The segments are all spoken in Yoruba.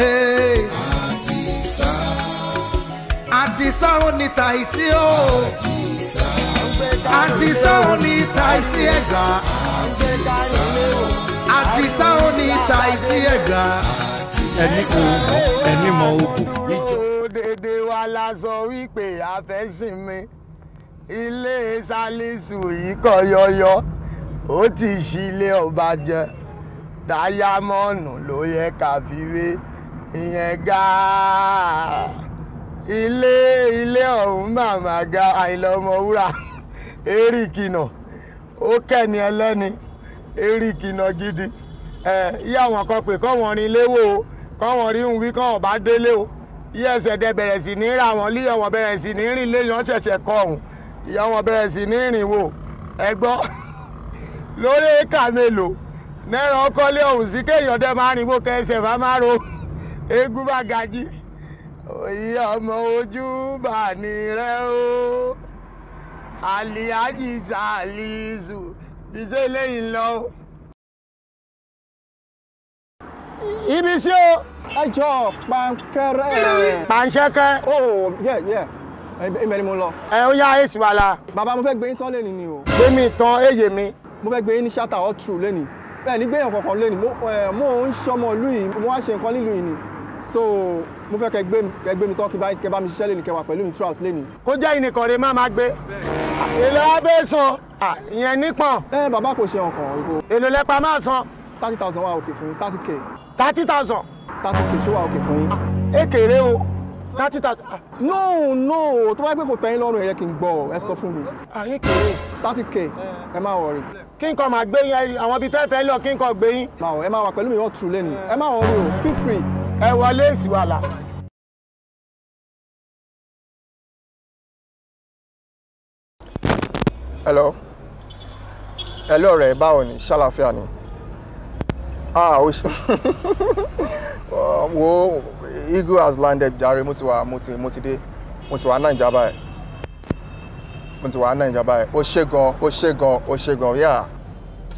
àdìsá àdìsá ò ní tàìsí o àdìsá àdìsá ò ní tàìsí ẹ̀gbá àdìsá ò ní tàìsí ẹ̀gbá ẹni kò ẹni mọ ogun. òdèdè wa la sọ wípé àfẹ́sìnmi ilé salisu yìí kọ yọyọ ó ti ṣí ilé ọba jẹ dáyámọ́ọ̀nù ló yẹ ká fi wé. ìyẹn gáà ilé ilé ọ̀hún ma ga àìlọ ọmọ wúrà eríkìnà ó kẹ́ni ẹlẹ́ni gidi ẹ yí àwọn kan pè kọ́ wọn rin léwò o kọ́ wọn rí ń wí kọ́ o yí ẹsẹ̀ dẹ bẹ̀rẹ̀ sí ní ra wọn líyọ̀ wọn bẹ̀rẹ̀ sí ní rìn léyàn ṣẹ̀ṣẹ̀ ọ̀hún ìyá wọn bẹ̀rẹ̀ sí ní rìn wò ẹ gbọ́ lórí náírà ọkọ lé ọ̀hún sí kéèyàn dẹ máa eégún bá gají òye ọmọ ojú bà ní rẹ o àlìájì sàlìsù bíṣẹ́ lẹ́yìn lọ. ibi sí o ẹjọ pankẹrẹ. panṣẹkẹ. o oh, yẹ yẹ ibẹ̀ ni mo lọ. ẹ ó yá èsì wa la. bàbá mo fẹ́ gbé yín tán lẹ́nu ni o. gbé mi tán èyè mi. mo fẹ́ gbé ní ṣáta all lẹ́nu bẹ́ẹ̀ ni gbéyàn kankan lẹ́nu mo ń ṣọmọ ìlú mo wá ṣe nǹkan nílùú yìí ni so mo fẹ́ kẹ́ gbé mi kẹ́ gbé mi tán kẹ́ bá mi ṣiṣẹ́ lẹ́nu kẹ́ wà pẹ̀lú mi throughout lẹ́nu. kó jẹ́ ìnìkan rẹ̀ má máa gbé. èlò abẹ́ san ìyẹn nípọn. ẹ bàbá kò ṣe ọkàn ìbò. èlò lẹ́pa máa san. thirty thousand wà òkè fún yín thirty k. thirty thousand. thirty k ṣó wà òkè fún yín. èkèrè o thirty thousand. no no tó bá gbé kò tẹ́yìn lọ́rùn ẹ̀yẹ kì í gbọ́ ẹ sọ fún mi. èkèrè thirty k ẹ má wọrí. kí n kàn máa gbé yín àwọn ibi tẹ́ fẹ́ lọ kí n kàn gbé yín. ẹ má wà pẹ̀lú mi all through lẹ́nu ẹ má wọrí o feel free ẹ wọlé ìsìwàlà. hello hello ọ̀rẹ́ báwo ni ṣàlàfíà ni ah o ṣe wo eagle has landed jàre mo ti wà mo ti mo ti dé mo ti wà ní nàìjíríà báyìí mo ti wà ní nàìjíríà báyìí o ṣe gan o ṣe gan o ṣe gan yà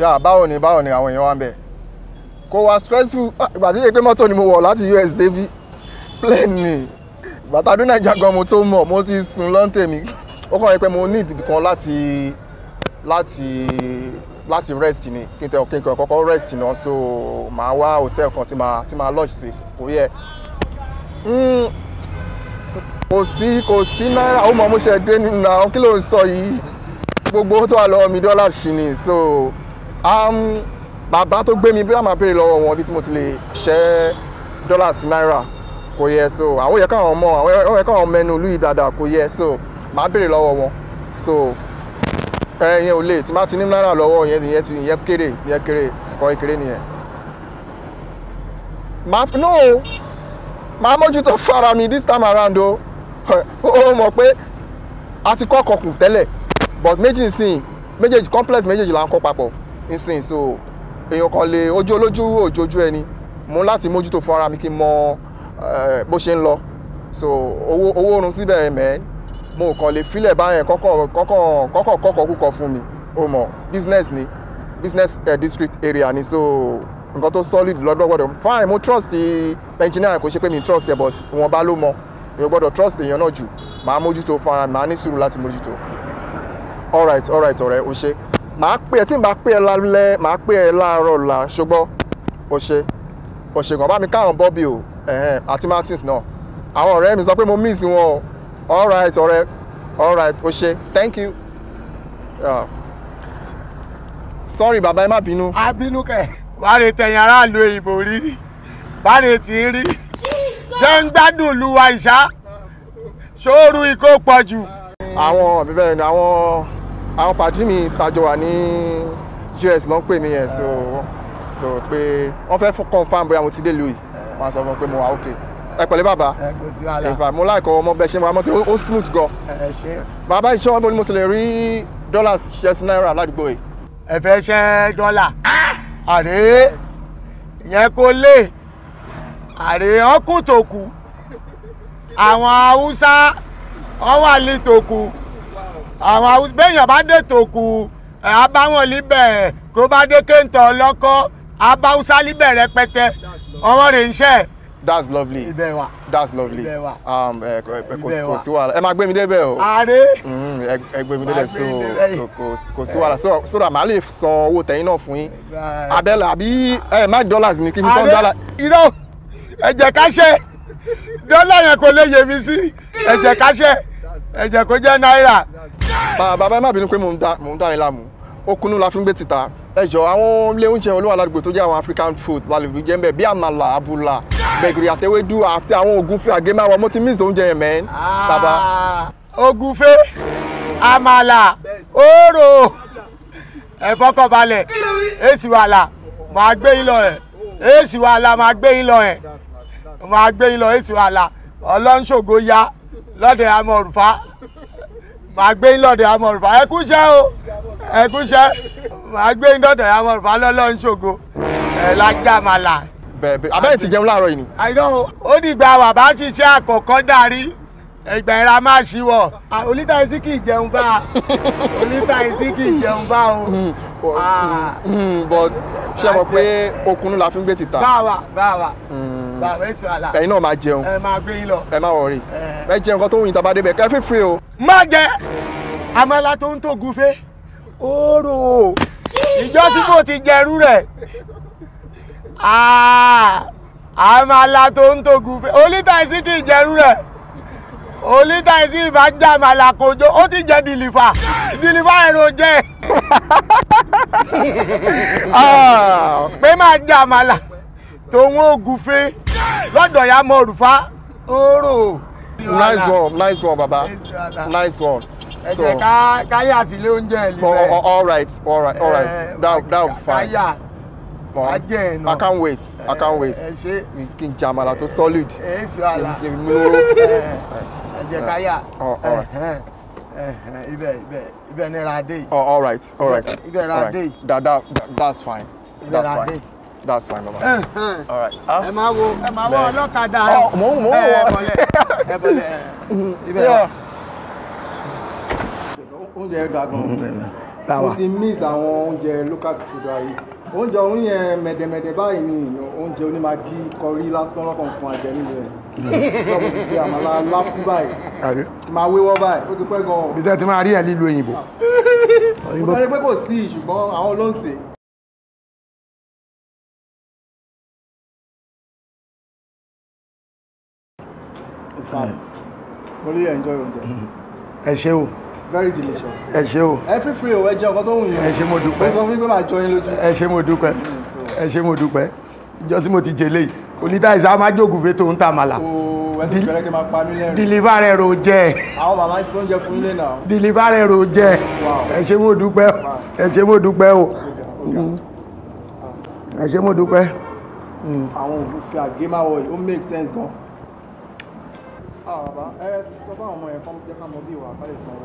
yà báwo ni báwo ni àwọn èèyàn wà ń bẹ̀ kò wá stressful ah, ìgbà tí yẹ pé mọ́tò ni mo wọ̀ láti US débi plẹ́ẹ̀nì ìgbà tá a dún nàìjíríà gan mo tó mọ̀ mo ti sùn lọ́ntẹ̀mí ó kàn yẹ pé mo ní ìdìbò kan láti láti láti rest ni kí n tẹ ọ̀kẹ́ kan kọ́kọ́ rest náà so màá wá hotel kan tí màá tí màá lodge sí kò yẹ hmm, kò sí kò sí náírà ó mọ mo ṣe dé nínú àwọn kí ló ń sọ yìí gbogbo tó wà lọ́wọ́ mi dọ́là sí ni so um, bàbá tó gbé mi bí wọ́n máa béèrè lọ́wọ́ wọn bí tí mo ti lè ṣẹ́ dọ́là sí náírà kò yẹ so àwọn yẹ káwọn mọ àwọn yẹ káwọn mẹnu ìlú yìí dáadáa kò yẹ so máa béèrè lọ́wọ́ wọn so ẹ yẹn ò lè tí má ti ní náírà lọ́wọ́ yẹn yẹn ti yẹn kéré yẹn kéré ọ̀rọ̀ kéré nìyẹn. màá no màá mójútó fara mi this time around o ó mọ̀ pé a ti kọ́ ọkọ̀ kù tẹ́lẹ̀ but méjì nsìn méjèèjì complex méjèèjì là ń kọ́ papọ̀ nsìn so èèyàn kan lè ojú olójú òjòjú ẹni mú láti mójútó fún ara mi kí n mọ eh, bó ṣe ń lọ so owó owó oorun síbẹ̀ mẹ́ mo kàn lè filẹ̀ báyẹn kọ́kọ́ kọ́kọ́ kọ́kọ́ kọ́kọ́ kúkọ fún mi o mọ̀ business ni business uh, district area ni so nǹkan tó solid lọ́dọ̀ gbọ́dọ̀ fine mo trust the engineer kò ṣe pé mi trust ẹ but wọn bá ló mọ èèyàn gbọ́dọ̀ trust èèyàn náà jù màá mójútó fara màá ní sùúrù láti mójútó all right all right ọ̀rẹ́ o ṣe màá pè ẹ tí màá pè ẹ lálẹ́ màá pè ẹ láàárọ̀ ọ̀la ṣùgbọ́n o ṣe o ṣe gan bá mi káwọn bọ́bì o àti martins náà àwọn ọ̀rẹ́ mi sọ pé mo miss wọn o all right ọ̀rẹ́ all right o ṣe thank you. Uh, sorry bàbá ẹ má bínú. a bínú kẹ báre tẹ̀yìn aráàlú òyìnbó rí báre tí ń rí ṣé ń gbádùn lu wa ìṣá ṣóoru ikó pọ̀ jù. àwọn bíbẹ́ ni àwọn àwọn pàdé mi tajọ wà ní US ló ń pè mí yẹn so so pé wọ́n fẹ́ fún confam bóyá mo ti dé lóyè wọ́n sọ fún pé mo wà ok ẹ pẹ̀lú bàbá ìfà mo láìkọ ọmọ bẹ ṣe mo àmọ́ tí ó smooth gan bàbá ìṣọ́ wọn ni mo sì lè rí dọ́là ṣẹ́sí náírà ládùúgbò yìí. ẹ fẹ́ ṣẹ́ dọ́là àrè yẹn kò lè àrè ọkùn tòkù àwọn haúsá ọwà lè tòkù àwọn haúsá bá dé tòkù abáwọn libẹ̀ kó bá dé kéńtọ̀ ọlọ́kọ́ abáwúsá libẹ̀ rẹpẹtẹ ọmọ rẹ̀ ń ṣẹ́ that's lovely that's lovely ibẹ̀ wa um, kò sí wàhálà ẹ máa gbé mi débẹ̀ o ààrẹ mm, ẹ gbé mi débẹ̀ so kò sí wàhálà so that màá lè san owó tẹ̀yìn náà fún yín abẹ́lẹ̀ àbí ẹ má dollars ni kí n fi san dollars. irọ́ ẹ jẹ́ ká ṣe dọ́là yẹn kò lè yé mi sí ẹ jẹ́ ẹ̀jẹ̀ kò jẹ́ náírà. bàbá ẹ má bínú pé mò ń dá yín láàmú okunu la fi ń gbé títà ẹ jọ àwọn ilé oúnjẹ olówó aládùúgbò tó jẹ́ àwọn african food balùwẹ̀ jẹ́ mbẹ́ bíi àmàlà àbùlà gbẹ̀gìrì àtẹwédú àti àwọn ògúnfẹ̀ àgẹ́máwá mo ti mí ìsọ oúnjẹ yẹn mẹ́ ah. bàbá. ògúnfẹ̀ àmàlà òòrò ẹ fọkàn balẹ̀ èsì wàhálà màá gbé yín lọ ẹ̀ èsì wàhálà màá gbé yín lọ ẹ̀ màá gbé yín lọ èsì wàhálà ọlọ́nṣògo ya lọ́dẹ amọ̀rùfá màá gbé yín lọ́dẹ amọ̀rùfá ẹ kúṣẹ́ o ẹ kúṣẹ́ màá gbé yín lọ́dẹ amọ̀rùfá lọ́lọ́run ṣògo ẹ̀ lágbàmàlà. bẹ́ẹ̀ bẹ́ẹ̀ abẹ́rẹ́ ti jẹun láàárọ̀ yìí ni. àìdánwò ó dìgbà wàbá ṣiṣẹ́ àkọ́kọ́ darí ẹgbà ẹ̀ra máa ṣíwọ̀ oníta ẹ̀sìn kì í jẹun bá oníta ẹ̀sìn kì í jẹun bá o. Hmm, hmm, hmm, but ṣé ẹ mọ̀ pé okunu la fi ń gbé títà. báwa báwa báwa ẹ̀sìn wàhálà. ẹ̀yin náà máa jẹun ẹ máa gbé yín lọ. ẹ má wọrí eh. ẹ jẹun kan tó ń yin taba débẹ̀ kẹfí free o. má jẹ amala tó ń tó gufe oòrò ìjọ tí mo ti jẹrú rẹ amala tó ń tó gufe oníta ẹ̀sìn kì í jẹrú rẹ olítà tí ìbá jà màlà kò jó ó ti jẹ dìlìfà dìlìfà ẹ̀rọ jẹ ah, pé máa jà màlà tòun ògùfẹ́ lọ́dọ̀ ya mọ òrùfá oòrò. nice one nice one baba nice one. ẹ jẹ́ ká káyà sílé oúnjẹ ẹ lè rẹ. all right all right all right eh, that that fine pọ́n ajẹ́ ẹ̀nà I can't wait I can't wait eh, eh, kí n jẹ àmàlà tó solid kí eh, n mú oró. àjẹkáyà ibẹ̀ ibẹ̀ ibẹ̀ ni radé. Oh, all right all right ibẹ̀ radé. that that that's fine that's fine. That's fine, Mama. All right. Ah. Ẹ máa wo ẹ máa wo ọlọ́kadà rẹ. Oh, mò ń mò ń Ẹ bọ̀lẹ̀ ẹ bọ̀lẹ̀. Oúnjẹ dàgbọ̀n. Mo ti miss àwọn oúnjẹ local food ayé oúnjẹ òun yẹn mẹ̀dẹ̀mẹ̀dẹ̀ báyìí ni oúnjẹ onímàgí kọrí lásán lọ́kàn fún àjẹ nínú rẹ̀ lọ́wọ́ ti di àmàlà láfú báyìí máa wéwọ́ báyìí ó ti pẹ́ gan-an. bí sẹ́ ti máa rí ẹ̀ lílo òyìnbó. òyìnbó pé kò sí ṣùgbọ́n àwọn ló ń ṣe. in fact mo rí ẹ̀ ń jọ oúnjẹ. ẹ ṣé o very delicious. ẹ ṣé o. ẹ fi free o ẹ jẹ ọkọ tó wù yín. ẹ ṣé mo dúpẹ́. mo sọ fún yín pé màá jọ yín lójú. ẹ ṣé mo dúpẹ́ ẹ ṣé mo dúpẹ́ ìjọ tí mo ti jẹ léyìí onítàìsá máa jókòó fẹ́ tó ń ta màlà. ooo ẹ ti bẹ̀rẹ̀ kí n máa pa mí lẹ́rìn. deliver ẹ̀rọ jẹ. àwọn màmá ń sọ́njẹ fún ilé náà. deliver ẹ̀rọ jẹ. ẹ ṣé mo dúpẹ́ ẹ ṣé mo dúpẹ́ o ẹ ṣé mo dúpẹ́. Mm. Mm. àwọn òfin àgémáwọ̀ yìí ó make sense gan. Ah, bàbá ẹ sọ fún àwọn ọmọ to kọ́ jẹ́ ká mọ bí ìwà àbálẹ̀ sanwó.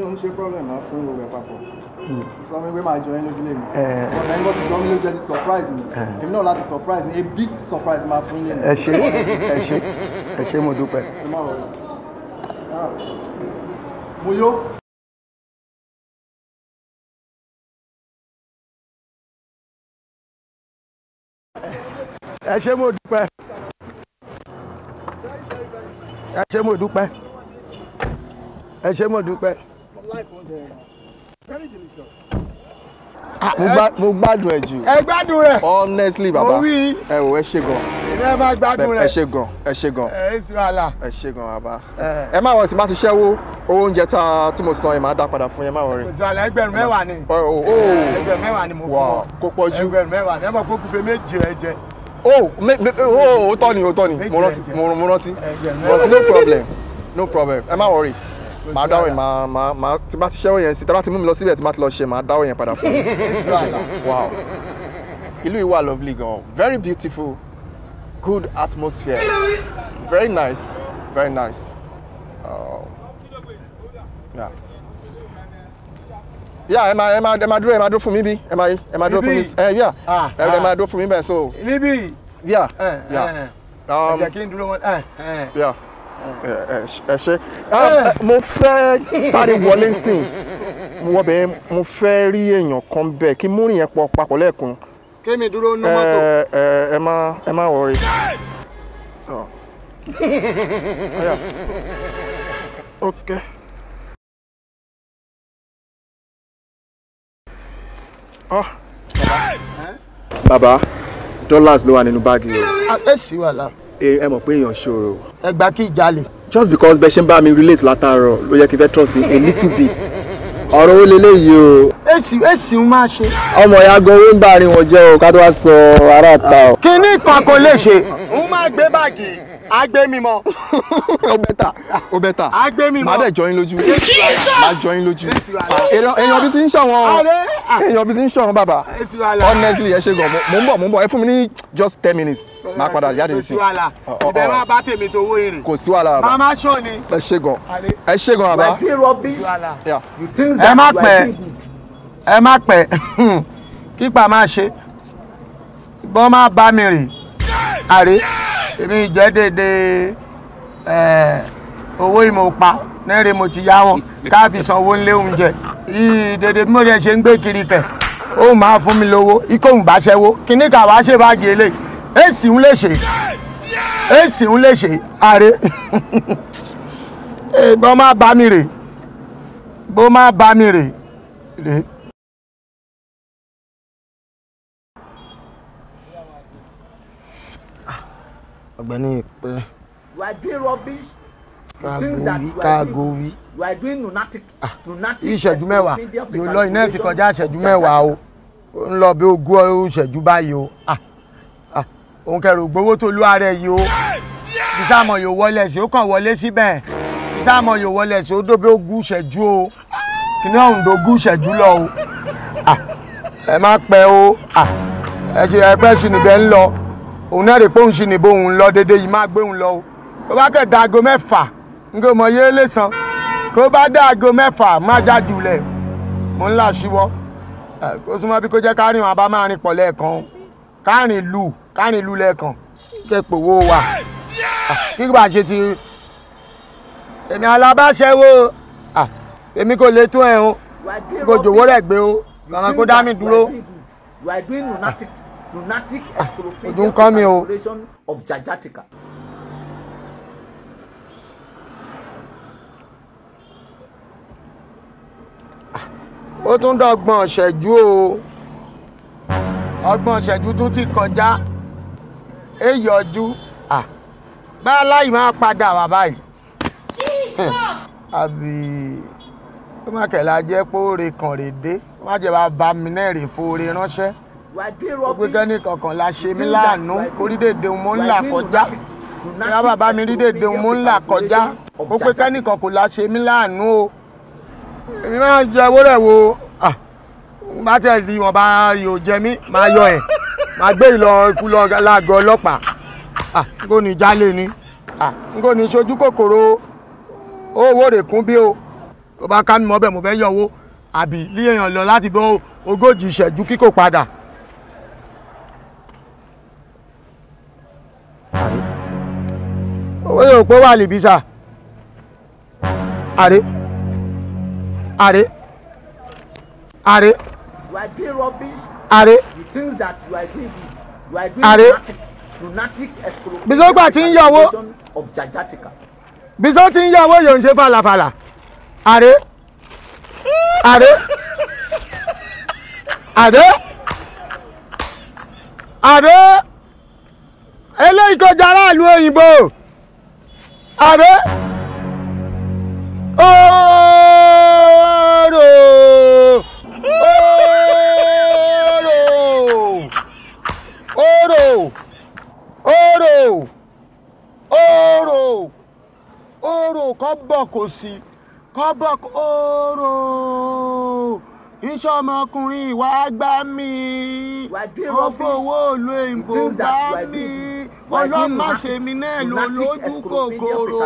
ní oúnjẹ problem máa fún gbogbo ẹ̀ papọ̀ hmm. sọ mi pé máa jọ yín lójú lè mi ọ̀sẹ̀ ń bọ̀ sí sọ mi lójú ẹ ti surprise mi eh. èmi náà láti surprise mi a big surprise máa fún yín. ẹ ṣé ẹ ṣé ẹ ṣé mo dúpẹ́. Ah. mo yó. ẹ ṣé mo dúpẹ́ ẹ ṣé mo dúpẹ́ ẹ ṣé mo dúpẹ́ very delicious ah, mo gbádùn ẹ jù. ẹ gbádùn rẹ. honestly baba ẹ wò ẹ ṣe gan. ẹ má gbádùn rẹ. ẹ ṣe gan ẹ ṣe gan. ẹ sì wàhálà. ẹ ṣe gan baba. ẹ má wọ tí má ti ṣẹ́wó owó oúnjẹ tá tí mo san ẹ máa dá padà fún yẹn má wọrí. èsì àlẹ́ ẹgbẹ̀rún mẹ́wàá ni. ẹgbẹ̀rún mẹ́wàá ni mo fún ọ. kó pọ̀ jù. ẹgbẹ̀rún mẹ́wàá ni ẹ mọ̀ pé kúfe méje rẹ jẹ. oh. o tọ́ ni o tọ́ ni mo rántí mo rántí no problem no problem ẹ má wọrí máa dáwọ̀ yẹn máa máa máa tí bá ti ṣẹ́wọ̀ yẹn sí tí bá ti mú mi lọ síbẹ̀ tí bá ti lọ ṣe máa dáwọ̀ yẹn padà fún mi. ìlú yìí wà lovely gan very beautiful good atmosphere very nice very nice. Uh, yeah yà ẹ máa ẹ máa ẹ máa dúró ẹ máa dúró fún mi bí ẹ máa ẹ máa dúró fún mi ẹ yà ẹ ẹ máa ah. dúró fún mi bẹ́ẹ̀ so. níbí. yà yà. ẹ jẹ́ um, kí n dúró wọn. Eh, eh. yà ẹ ṣe ah, eh. eh, mo fẹ́ sáré wọlé sìn wọ́n bẹ̀ mo fẹ́ rí èèyàn kan bẹ́ẹ̀ kí múrin yẹn pọ̀ papọ̀ lẹ́ẹ̀kan. kémi dúró nú eh, mọ́tò. ẹ ẹ má ẹ má wọrí. Oh. Ah. bàbá dollars ló wà nínú báàgì rẹ. Ah, ẹ mọ̀ pé èèyàn ṣòro ẹgbà kí ìjàlè. just because bẹ́ẹ̀ ṣe ń bá mi relate látàárọ̀ ló yẹ kí n fẹ́ trust a little bit ọ̀rọ̀ ó leléyìí o. èsì èsì ń máa ṣe. ọmọ ìyá gan owó ń bá àárín wọn jẹ́ o ká tó wá sọ ará ta o. kinní kan kò lè ṣe. ń máa gbé báàgì agbé mi mọ. ó bẹ́tà ó bẹ́tà agbé mi mọ. màá dẹ̀ jọ yín lójú màá jọ yín lójú. Ah, èèyàn bí ti ń ṣọ̀wọ́n èèyàn bí ti ń ṣọ̀wọ́n bàbá honestly ẹ ṣe gan mo ń bọ̀ mo ń bọ̀ ẹ fún mi ní just ten minutes màá padà jáde sí i. ìbẹ̀ máa bá tèmi tó wó èrè. kò sí wàhálà bàbá màmá ṣọ́ ni. ẹ ṣe gan ẹ ṣe gan bàbá. ẹ má pẹ́ ẹ má pẹ́ kípa má ṣe bọ́n má bá mi rìn àrè èmi ìjẹ́ dèdè eh, owó ìmọ̀ọ́pá nẹ́rẹ̀ mo ti yá wọn káàfi sanwó ńlé oúnjẹ yìí dèdè bí mo jẹ́ ṣe ń gbé kiri kẹ̀ ó máa fún mi lówó ikóhùn bá ṣẹ́wó kíní kà wá ṣe báàgì eléyìí èsì ń lè ṣe èsì ń lè ṣe ààrẹ eh, bó má bá mi rè bó má bá mi rè rè. ọ̀gbẹ́ni pẹ́. you are doing rubbish. kagowi kagowi. you are doing lunatic. Ah, lunatic ìṣẹ́jú mẹ́wàá yóò lọ iná ti kọjá ìṣẹ́jú mẹ́wàá o ń lọ bí ogún ìṣẹ́jú báyìí o ah, ah, òun kẹrù gbowó tó lú ara ẹ yìí o bisámọ yóò wọlé sí ó kàn wọlé síbẹ̀ bisámọ yóò wọlé sí ó dóbi ogún ìṣẹ́jú o kìnìún ọ̀hún dógún ìṣẹ́jú lọ o ẹ má pẹ́ o ẹ ṣe ẹgbẹ́ sùn ń lọ òun náà rè pé òun sì ní bóun lọ dédé yìí má gbé òun lọ o tó bá kẹ̀ dago mẹ́fà nǹkan mọ̀ yé lè san kó bá dago mẹ́fà má jáde lẹ̀ mò ń là síwọ́ kó súnmọ́ bí kò jẹ́ kárìn wọn a bá máa rìn pọ̀ lẹ́ẹ̀kan kárìn lù kárìn lù lẹ́ẹ̀kan kẹ́pọ̀ wo wà kí bá ṣe ti èmi alábàṣẹ wo èmi kò lè tún ẹ̀ o kò jòwó rẹ̀ gbé o kànáà kó dá mi dúró. you are doing nothing lunatic ah, extropidic manipulation oh. of Jajatika. ó tún dọ́gbọ̀n ṣẹ́jú o ọgbọ̀n ṣẹ́jú tún ti kọjá ẹ yọjú bá aláì máa padà wá báyìí. àbí ó má kẹ̀lá jẹ́ pé ó má jẹ́ bá ba mi náà rè fo ránṣẹ́ gbogbo kẹ́ni kankan la ṣe mí láàánú orílẹ̀-èdè mo ń là kọjá ìyá bàbá mi orílẹ̀-èdè mo ń là kọjá gbogbo kẹ́ni kankan la ṣe mí láàánú o èmi máa ń jẹ owó rẹ̀ wo bá tẹ̀ di wọn bá yóò jẹ mí máa yọ ẹ̀ máa gbé ìlọ ikú lọ lágọ̀ọ́ ọlọ́pàá nkó ni jálè ni nkó ni sojú kòkòrò owó rè kún bí o tó bá ká mi mọ́ bẹ́ẹ̀ mo fẹ́ yọ owó àbí líyàn lọ láti bọ́ ogójì ìṣẹ́jú kíkò padà. rò pé wà lìbísà àrè àrè àrè àrè àrè bisọ́ gbà tí ń yọ̀wó bisọ́ tí ń yọ̀wó yòó ń ṣe falafala àrè àrè àrè àrè eléyìí tó jẹ́ aráàlú òyìnbó àrẹ ooo ooo ooo ooo ooo kọ́ bọ̀ kò sí kọ́ bọ̀ ooo iṣẹ́ ọmọkùnrin ìwà gbá mi ó fowó òlu èyìnbó gbá mi ọlọ́run má ṣe mi náà lò lójú kòkòrò.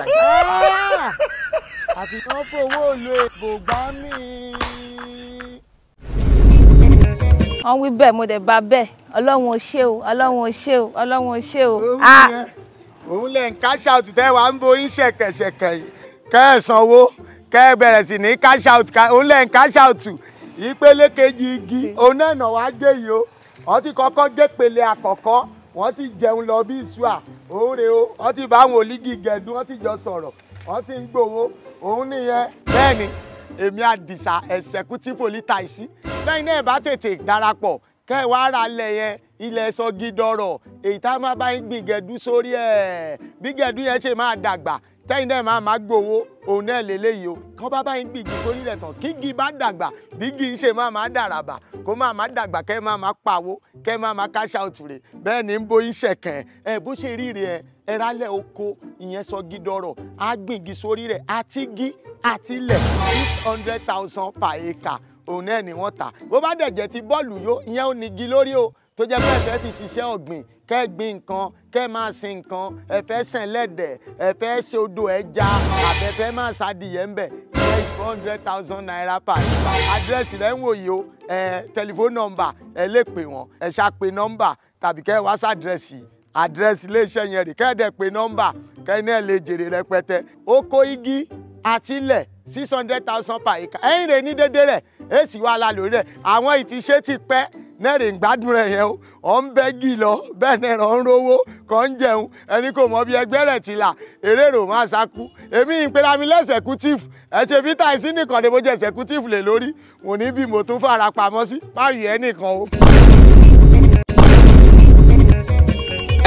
Ah! àfi kàn fowó lo èbò gbá mi. wọ́n wí bẹ́ẹ̀ mo dẹ̀ bá bẹ́ẹ̀ ọlọ́run ò ṣe o ọlọ́run ò ṣe o ọlọ́run ò ṣe o. òun ah! lẹ̀ ń cash out tẹ́ wàá ń boyín ṣẹ̀kẹ̀ṣẹ̀kẹ̀ kẹ́ẹ̀sánwó kẹ́ẹ̀ bẹ̀rẹ̀ sí ní cash out òun lẹ̀ ń cash out ìpele kejì igi òun náà nà wá gbé yìí o ọtí kọ́kọ́ gépele àkọ́kọ́ wọ́n ti jẹun lọ bí ìṣúà òórè o wọ́n ti bá àwọn olígi gẹ̀dún wọ́n ti jọ sọ̀rọ̀ wọ́n ti ń gbowó òun nìyẹn. bẹ́ẹ̀ni èmi àdìsá executive lítàìsí lẹ́yìn náà bá tètè darapọ̀ kẹ́ ẹ wá ra ilẹ̀ yẹn ilẹ̀ sọ èyí tá a máa bá ń gbìn gẹ̀dú sórí ẹ̀ bí gẹ̀dú yẹn ṣe máa dàgbà tẹ́yìn náà máa máa gbowó òun náà lélẹ́yìí o kọ́ bá báyìí ń gbìgì kó nílẹ̀ tán kí igi bá dàgbà bí igi ń ṣe máa máa dàràbà kó máa máa dàgbà kẹ́ máa máa pawó kẹ́ máa máa cash out bẹ́ẹ̀ ni ń bóyín ṣẹ̀kẹ̀ ẹ bó ṣe rí rẹ̀ ẹ oko ìyẹn sọ gidọ̀rọ̀ á gbìngì sórí rẹ̀ àti gí àti ilẹ̀ eight hundred thousand per acre òun náà ni wọ́n tà bó bá dẹ̀ jẹ́ ti bọ́ọ̀lù yó ìyẹn ò ní igi lórí o tó jẹ́ pé ẹ fẹ́ fi ṣiṣẹ́ ọ̀gbìn kẹ́ gbin nǹkan kẹ́ máa sin nǹkan ẹ fẹ́ lẹ́dẹ̀ ẹ ṣe odò ẹja àbẹ̀fẹ́ máa ṣàdìyẹ ńbẹ̀ ẹ four hundred thousand naira per àdírẹ́sì rẹ̀ ń wò yìí o ẹ tẹlifóònù nọ́mbà ẹ lè pè wọ́n ẹ ṣá pe nọ́mbà tàbí kẹ́ wá sàdírẹ́sì àdírẹ́sì iléeṣẹ́ yẹn rè kẹ́ẹ̀dẹ̀ pe nọ́mbà kẹ́ẹ̀ náà lè jèrè rẹpẹtẹ oko igi àtilẹ̀ six hundred thousand per acre ẹ̀yìn rẹ̀ ní dédé rẹ̀ èsì wà la lórí rẹ̀ àwọn ìtìṣe ti pẹ́ nẹ́rìn gbádùn rẹ̀ yẹn o ọ̀ ń bẹ́ gì lọ bẹ́ẹ̀ ni ẹ̀rọ ń rówó kọ́ ń jẹun ẹni kò mọ bí ẹgbẹ́ rẹ̀ ti là eré rò máa sáku èmi ìpera mi lẹ́sẹ̀kútífù ẹ̀ṣẹ̀ peter ìsínìkan ni mo jẹ́ ẹ̀sẹ̀kútífù lè lórí mo ní bí mo tún fara pamọ́ sí báyìí ẹnìkan o.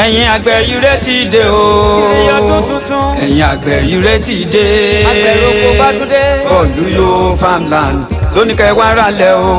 ẹ̀yin àgbẹ̀ ire ti dé o ọdún tuntun ẹ̀yin àgbẹ̀ ire ti dé àgbẹ̀ roko bá dúdé olùyọ farmland lóníkẹ́ wàrà lẹ́ o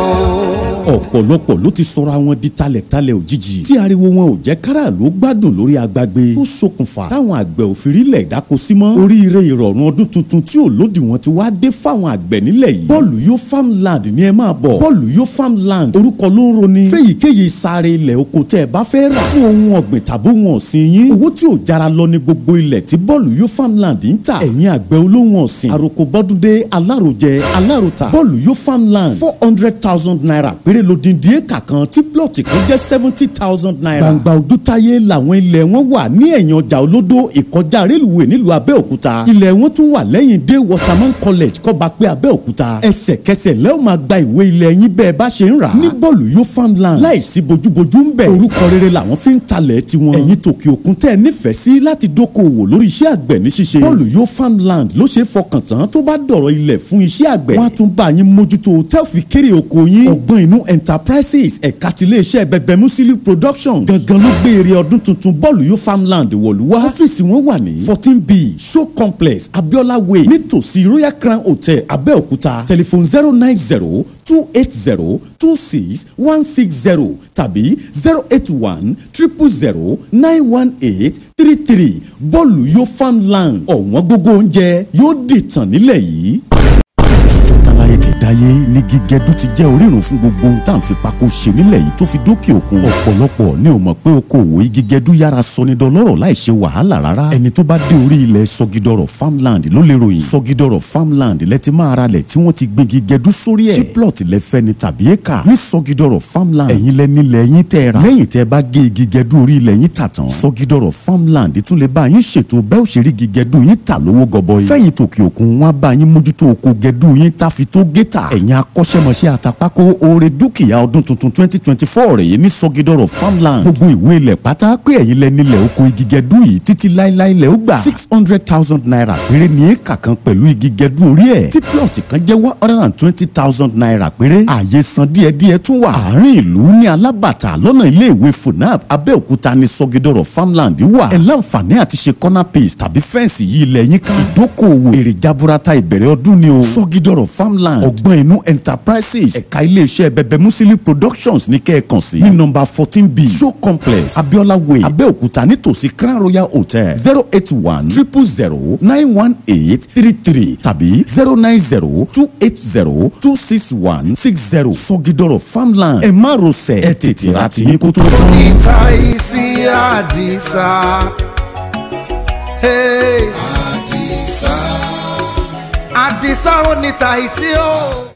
ọ̀pọ̀lọpọ̀ ló ti sọra wọn di talẹ̀talẹ̀ òjijì tí ariwo wọn ò jẹ́ káràlú gbádùn lórí agbágbé tó ṣokùnfà táwọn àgbẹ̀ òfìrílẹ̀ ìdáko sí mọ́ oríire ìrọ̀rùn ọdún tuntun tí ò lódì wọn ti wá dé fáwọn àgbẹ̀ nílẹ̀ yìí bọ́ọ̀lù yóò farmland ni ẹ máa bọ̀ bọ́ọ̀lù yóò farmland orúkọ ló ń roni fẹ́yìíkéyìí sáré ilẹ̀ oko tẹ́ ẹ bá fẹ́ rà fún ohun ọ̀gbìn tàbí ohun ọ̀sìn yín owó tí ò jara lọ ní gbogbo ilẹ̀ tí bọ́ọ̀lù yóò farmland ń tà ẹ̀yin àgbẹ̀ olóhùn ọ̀sìn àròkọ bọ́dúndé alárojẹ alárota bọ́ọ̀lù yóò farmland four hundred thousand naira péré eré lodindi éka kan tí plọ̀tì kan jẹ́ seventy thousand naira. gbangba ojútáyé làwọn ilẹ̀ wọn wà ní ẹ̀yìn ọjà olódó ìkọjá rélùwé nílùú abẹ́òkúta ilẹ̀ wọn tún wà lẹ́yìn dé waterman college kọ́bápẹ́ abẹ́òkúta ẹsẹ̀kẹsẹ̀ lẹ́wọ̀n máa gba ìwé ilẹ̀ yín bẹ́ẹ̀ bá ṣe ń rà. ní bọ́ọ̀lù yóò farmland láìsí bojúbojú ń bẹ̀. orúkọ rere làwọn fi ń talẹ̀ tiwọn. ẹ̀yin tòkè òkun tẹ́ ẹ nífẹ̀ẹ́ sí láti dókòwò lórí iṣẹ́ àgbẹ̀ ní ṣíṣe. bọ́ọ̀lù yóò farmland ló ṣe fọkàn tán tó bá dọ̀rọ̀ ilẹ̀ fún iṣẹ́ àgbẹ̀. wọ́n á tún bá yín mójútó tẹ́ ò kéré oko yín. ọgbọ́n inú enterprises ẹ̀ka tiléeṣẹ́ bẹ̀bẹ̀mú sílíù production. gangan ló gbé eré ọdún tuntun bọ́ọ̀lù yóò farmland wọ̀lúwá ọ́fíìsì wọn wà ní fourteen b show complex abiola way nítòsí royal crown hotel abẹ́òkúta telephone zero nine zero two eight zero two six one six zero tàbí zero eight one triple zero nine one eight three three bọ́ọ̀lù yóò farmland ọ̀wọ́n gógó oúnjẹ yóò dìtàn nílẹ̀ yìí àdáyé ni gígẹdú ti jẹ́ orírun fún gbogbo ohun tá à ń fi pákó ṣe nílẹ̀ yìí tó fi dókè òkun ọ̀pọ̀lọpọ̀ ni ò mọ̀ pé okòwò igígẹdú yára sọnidọlọ́rọ̀ láì ṣe wàhálà rárá ẹni tó bá dé orí ilẹ̀ sọgidọ̀rọ̀ farmland ló lè ròyìn sọgidọ̀rọ̀ farmland lẹ ti máa ralẹ̀ tí wọ́n ti gbin gígẹdú sórí ẹ̀ tí plọ̀tì lẹ ni tàbí éka ní sọgidọ̀rọ̀ farmland ẹ̀yin lẹ nílẹ̀ yín tẹ́ ra farmland tún lè bá yín ṣètò bẹ́ẹ̀ òṣèré gígẹdú yín tà lówó gọbọi fẹ́yìn tòkè òkun wọn bá yín mójútó oko tà ẹ̀yin akọ́ṣẹ́mọṣẹ́ àtàpákó oore dúkìá ọdún tuntun twenty twenty four rèé ní sọgidọ̀rọ̀ farmland gbogbo ìwé ilẹ̀ pátá pé ẹ̀yin lẹ nílẹ̀ oko igi gẹdú yìí títí láéláé lẹ ó gbà six hundred thousand naira péré ní éka kan pẹ̀lú igi gẹdú orí ẹ̀ tí plọ̀tì kan jẹ́ one hundred and twenty thousand naira péré ààyè san díẹ̀díẹ̀ tún wà àárín ìlú ní alábàtà lọ́nà ilé ìwé funab abẹ́òkúta ní sọgidọ̀rọ̀ farmland wà ẹ̀ láǹfààní àti ṣe corner piece tàbí fẹ́ǹsì yìí ilẹ̀ yín jaburata ìbẹ̀rẹ̀ ọdún farmland ọgbọ̀n inú enterprises ẹ̀ka iléeṣẹ́ bẹ̀bẹ̀ musili productions ní kẹ́ẹ̀kan sí ní nọ́mbà fourteen b show complex abiola way abeokuta nítòsí crown royal hotel zero eight one triple zero nine one eight three three tàbí zero nine zero two eight zero two six one six zero sọgidọrọ farmland ẹ má rọsẹ ẹ tètè ra tiyín kó tó tán. ìta ìsí àdìsá àdìsá ò ní o.